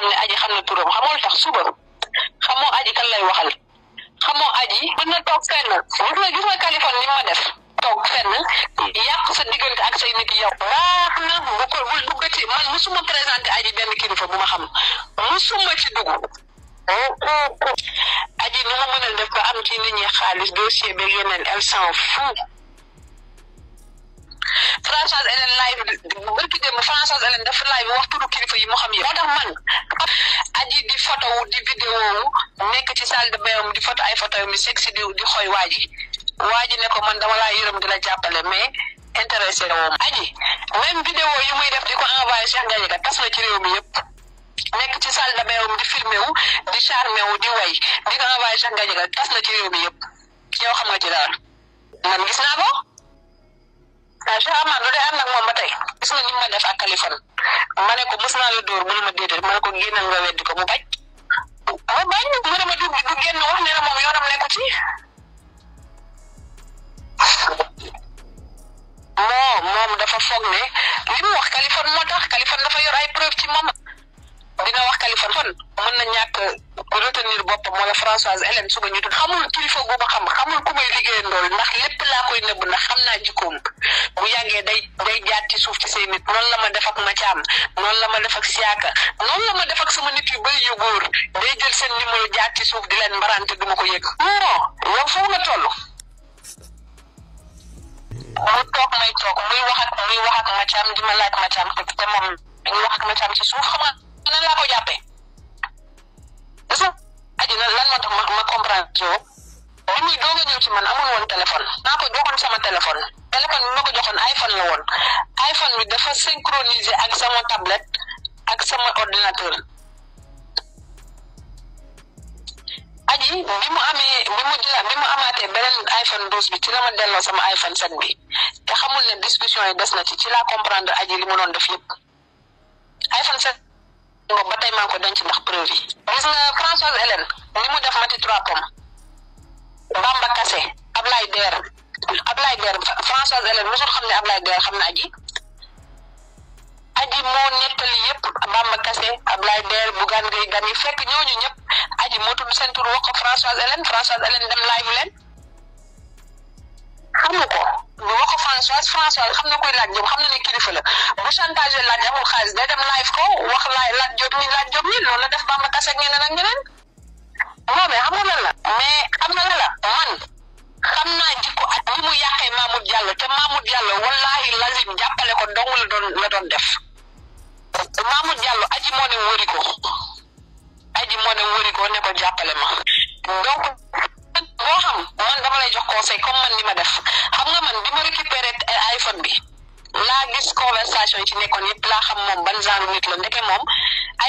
xamne aji xam na turam xamoo tax suba xamo aji kan lay waxal xamo aji mën na toog fenn mën na gis nga kalifon ni ma def tok fenn yàq sa diggante ak say nit yow baax na bu ko bu dugg ci man musuma presenter aji ben kilifa bu ma xam musuma ci dugg aji nu ma mën def ko am ci nit ñi xaalis dossier be yenen elle s'en fout Françoise Hélène live barki démb Françoise Hélène dafa live wax turu kilifa yi mu xam yi moo man aji di photo wu di vidéo wu nekk ci salle de bain di photo ay photo yu sexy di di xooy waa ji waa ko man da laa yërëm di la jàppale mais intéressé woom aji même vidéo yi muy def di ko envoyé Cheikh Gadiaga tas na ci réew mi yëpp nekk ci salle de bain di filmé di charmé wu di way di ko envoyé Cheikh Gadiaga tas na ci réew mi yëpp yow xam nga ci dara man gis waaw ah, Cheikh Amar lu dee ànd ak moom ba tey gis na ñu ma def ak Kaliphone ma ko mos naa la dóor mu ne ma déedéet ma ko génnal nga weddi ko mu moom yoonam nekku ci moo moom dafa foog ne li mu wax Kaliphone moo tax Kaliphone dafa yor preuve ci moom dina wax Kaliphone fan mën na ñàkk retenir boppam wala Françoise Hélène suba ñu tudd xamul kilifa gu ma xam xamul ku may liggéeya ndool ndax lépp laa koy nëbb ndax xam naa jikkoom bu yàggee day day jaar ci suuf ci say nit noonu la ma def ak Mathiam noonu la ma def ak Siaka noonu la ma def ak nit yu bëri yu day jël seen numéro jaar ci suuf di leen mbarante du ma ko yëg non yow foofu nga toll toog may toog muy wax ak muy ma laaj Mathiam te moom nan laa ko jàppee parce que aji na lan moo tax ma ma comprendre yo bi muy doog ci man amul woon téléphone naa ko sama téléphone téléphone bi ma ko iphone la woon iphone bi dafa synchroniser ak sama tablette ak sama ordinateur aji bi mu bimu bi mu jëla bi mu amaatee iphone 12 bi ci la ma sama iphone 7 bi te xamul ne discussion yi des na ci ci comprendre aji li mu def iphone 7 boobu ba tey maa ngi ko denc ndax preuve yi gis nga Françoise Hélène li mu def Mati Trois Pommes Bamba Kassé Ablaye Der Ablaye Der Françoise Hélène mosul xam ne Ablaye Der xam na aji aji moo nettali yëpp Bamba Kassé Ablaye Der Bougane Gueye Dany fekk ñooñu ñëpp aji moo tudd seen tur Françoise Hélène Françoise Hélène dem live leen xamu ko lu ma ko Françoise Françoise xam na koy laaj Diop xam na ne kilifa la bu chantage laaj amul xaalis day dem ko wax laaj laaj Diop ni laaj Diop ni loolu la def Bamba Kassé ak ñeneen ak ñeneen moomee xam nga lan la mais xam nga la man xam naa jikko ak ni mu yàqee Mamoud Diallo te Mamoud Diallo wallahi lazim jàppale ko dong la doon def Mamoud Diallo aji moo ne aji moo ne ne ko jàppale ma donc koo xam man dama lay jox conseil comme man li ma def xam nga man bi ma récupéré iPhone bi laa gis conversation ci nekkoon yëpp laa xam moom ban genre nit la ndeke moom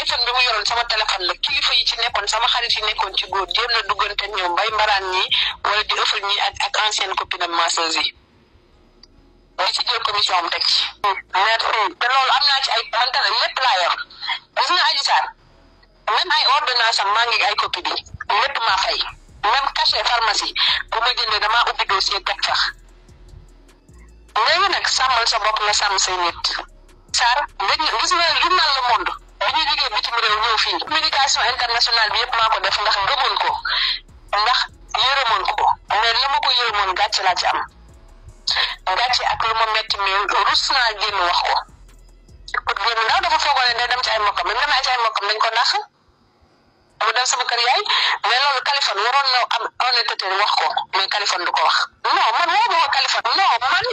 iPhone bi mu yoroon sama téléphone la kilifa yi ci nekkoon sama xarit yi nekkoon ci góor jéem na duggante ñoom bay mbaraan ñi wala di ëffal ñi ak ak ancienne copine am masseuse yi li ci jël commission am teg ci te loolu am naa ci ay man tamit lépp laa yor gis nga Adji Sarr même ay ordonnance am ngi ay copie bi même cachet pharmacie bu ma jëndee damaa ubbi dossier teg sax léegi nag sàmmal sa bopp nga sàmm say nit. Saar dañu gis nga journal Le Monde bi ñu jógee internationale bi yëpp maa ko def ndax gëmoon ko ndax yërëmoon ko mais la ma ko yërëmoon gàcce laa ci am gàcce ak lu ma metti mais rus naa génn wax ko. pour génn ndaw dafa foogoon ne day dem ci ay mbokkam bi mu demee ci ko ndax. mu dem sama kër yaay mais loolu Kaliphone waroon na am honnêteté wax ko mais Kaliphone du ko wax non man woo ma a Kaliphone non man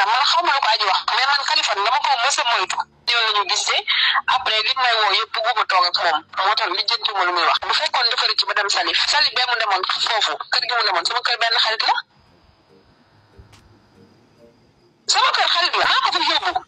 la man xaw ma lu ko aji wax mais man Kaliphone dama ko mës a moytu yoon la après li may woo yëpp bëgguma toog ak moom moo tax li jëntuma lu muy wax bu fekkoon dafa rëcc ba dem Salif Salif bee mu demoon foofu kër gi mu demoon sama kër benn xarit la sama kër xarit la maa ko fa yóbbu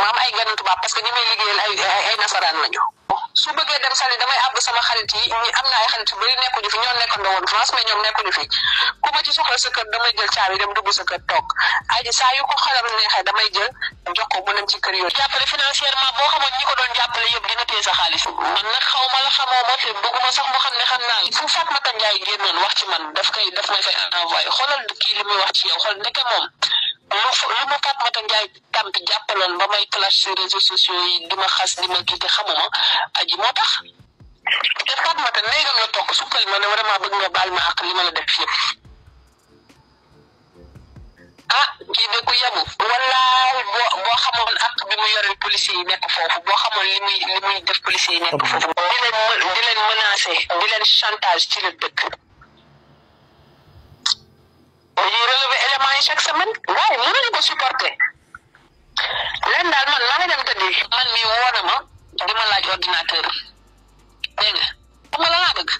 maam ay benn tubaab parce que ñi may liggéeyal ay ay nasaraan lañu su bëggee dem sali damay àbb sama xarit yi ñi am na ay xarit yu bëri nekkuñu fi ñoo nekkandoo woon France mais sa kër damay jël caabi dem dugg ko xalam neexee damay jël jox ko mu dem ci kër yooyu boo xamoon ñi ko doon jàppale yëpp dina téye sa xaalis man nag xaw ma la xamoo ma te bëgguma sax mu xam ne xam naa fu Fatmata Njaay génnoon wax ci man daf koy daf may fay envoyé xoolal kii li muy wax ci xool ndeke moom lu fu lu ma Fatoumata Ndiaye Tampi bi jàppaloon ba may clash si réseaux sociaux yi di ma xas di ma gite xamuma aji moo tax te Fatoumata néegam la toog sukkal ma ne bëgg nga baal ma àq li la def yëpp ah kii de ku yabu wallaay boo xamoon àq bi mu yoreel policiers yi nekk foofu boo xamoon li muy def policiers yi nekk foofu di leen di di leen chantage ci la dëkk parce que man waaw mënuñu ko supporter leen daal man la nga dem tëddi man mi woo na ma di ma laaj ordinateur dégg nga ma la laa bëgg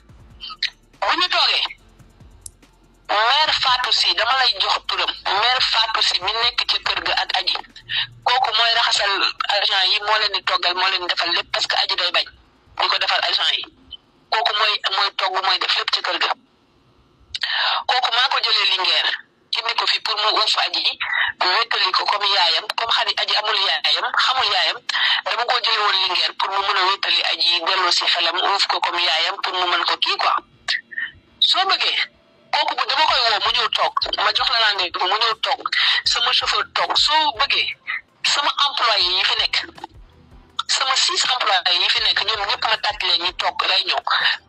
bu ñu toogee mère Fatou si dama lay jox turam mère Fatou si mi nekk ci kër ga ak aji kooku mooy raxasal agent yi moo leen di toggal moo leen defal lépp parce que aji day bañ di ko defal agent yi kooku mooy mooy togg mooy def lépp ci kër ga kooku maa ko jëlee tege ko fi pour mu uuf aji wétali ko comme yaayam comme xani aji amul yaayam xamul yaayam dama ko jël woon lingeer pour mu mën a aji delloo si xelam uuf ko comme yaayam pour mu mën ko kii quoi soo bëggee kooku bu dama koy woo mu ñëw toog ma jox la naan mu ñëw toog sama chauffeur toog soo bëggee sama employé yi fi nekk sama six employé yi fi nekk ñoom ñëpp ma tàcc leen ñu toog réunion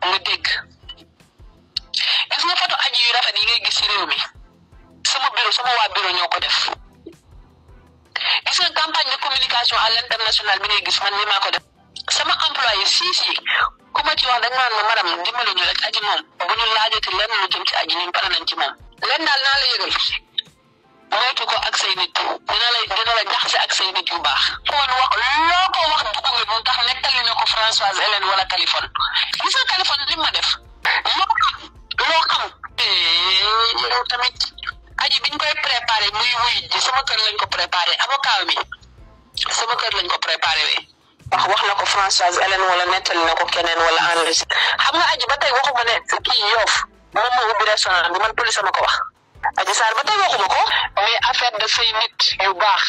nga dégg gis nga photo aji yu rafet yi ngay gis ci réew mi sama bureau sama waa bureau ñoo ko def gis nga campagne de communication à l'international bi ngay gis ni maa def sama employé sii si ku ma ci wax da nga ma madame dimbali lu jëm nañ ci moom lenn daal naa la yëgal ko ak say nit yu baax foon ko wax dugg nga mu tax nettali na ko Françoise Hélène wala Californie gis nga Californie def moo loo xam yow tamit biñ koy préparé muy wuy sama kër lañ ko préparé avocat mi sama kër lañ ko préparé wax wax na ko Françoise Hélène wala nettali na ko keneen wala enregistré xam nga aji ba tey waxuma ne kii yoof moom moo ubbi restaurant bi man police ma ko wax aji saar ba tey waxuma ko mais affaire de say nit yu baax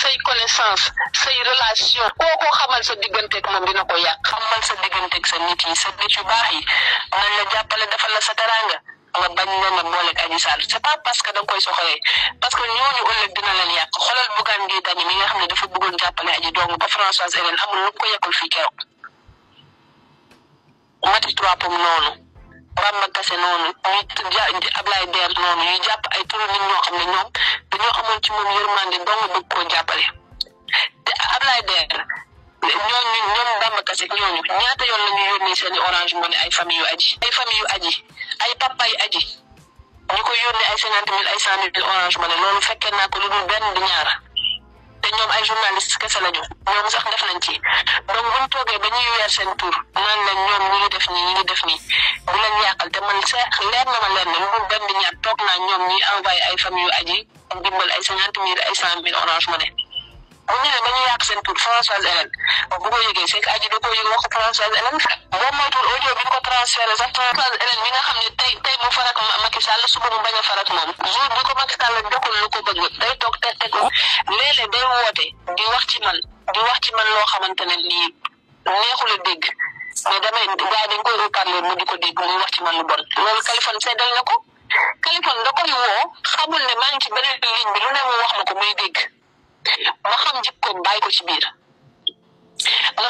say connaissance say relation koo ko xamal sa digganteeg moom dina ko yàq xamal sa digganteeg sa nit yi sa nit yu baax yi nañ la jàppale defal la nga bañ na ma boole ak Adji c'est pas parce que da koy soxoree parce que ñooñu ëllëg dina leen yàq xoolal Bougane Gueye Dany mi nga xam ne dafa bëggoon jàppale Adji dong ba Françoise Hélène amul lu ko yekkul fii keroog Mati trois pom noonu Bamba Kassé noonu ñuy Ablaye Der noonu ñuy jàpp ay turu nit ñoo xam ne ñoom dañoo amoon ci moom yërmande dong bëgg jàppale te Ablaye ñooñu ñoom Bamba yoon la ñuy yónnee seen ay famille yu aji ay famille yu aji ay papa ay cinquante mille ne loolu fekkee naa ko lu dul benn di ñaara te ñoom ay journaliste kese ñoom sax def nañ ci donc buñ toogee ba ñuy weer seen tur naan la ñoom ñu ngi def ma na lu dul benn di ñaar toog naa ñoom ñuy envoyé ay famille yu aji dimbal ay cinquante mille ay cent orange mu ne bu ñëwee dañuy yàq seen tur françoise Hélène bu ko yëgee c'est que aji da koo yëg wax ko françoise Hélène boo moytuwul audio bi ñu ko transféré sax françoise Hélène bi nga xam ne tey tey mu farak Macky Sall suba mu bañ a farak moom jour bu ko Macky Sall joxul lu ko bëgg day toog teg teg ko léeg-léeg day woote di wax ci man di wax ci man loo xamante ne lii neexul a dégg mais damay gars dañ koy reparler mu di ko dégg muy wax ci man lu bon loolu Kaliphone seddal na ko Kaliphone da koy woo xamul ne maa ngi ci beneen ligne bi lu ne mu wax ma ko muy dégg ma xam jikkoom bàyyi ko ci biir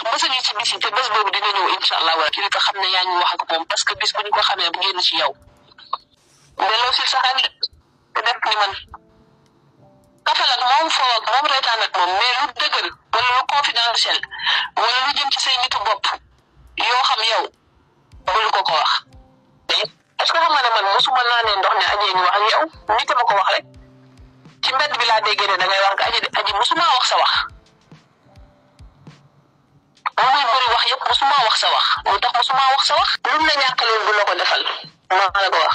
ndax bés a ngi ci bis yi te bés boobu dina ñëw incha allah wala ki ko xam ne yaa parce que bis bu ñu ko xamee si saxal te def ko ko wax. est-ce que xam ma ko wax rek. ci mbedd bi laa déggee ne da ngay wànk aji aji musuma wax sa wax ba muy bëri wax yëpp musuma wax sa wax mu tax musuma wax sa wax lu na ñàkkaloon du la ko defal maa la ko wax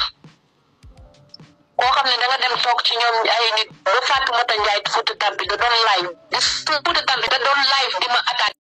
koo xam ne da nga dem toog ci ñoom ay nit ba Fatoumata Ndiaye Fouta Tampi da doon live di Fouta Tampi da doon live di ma attaque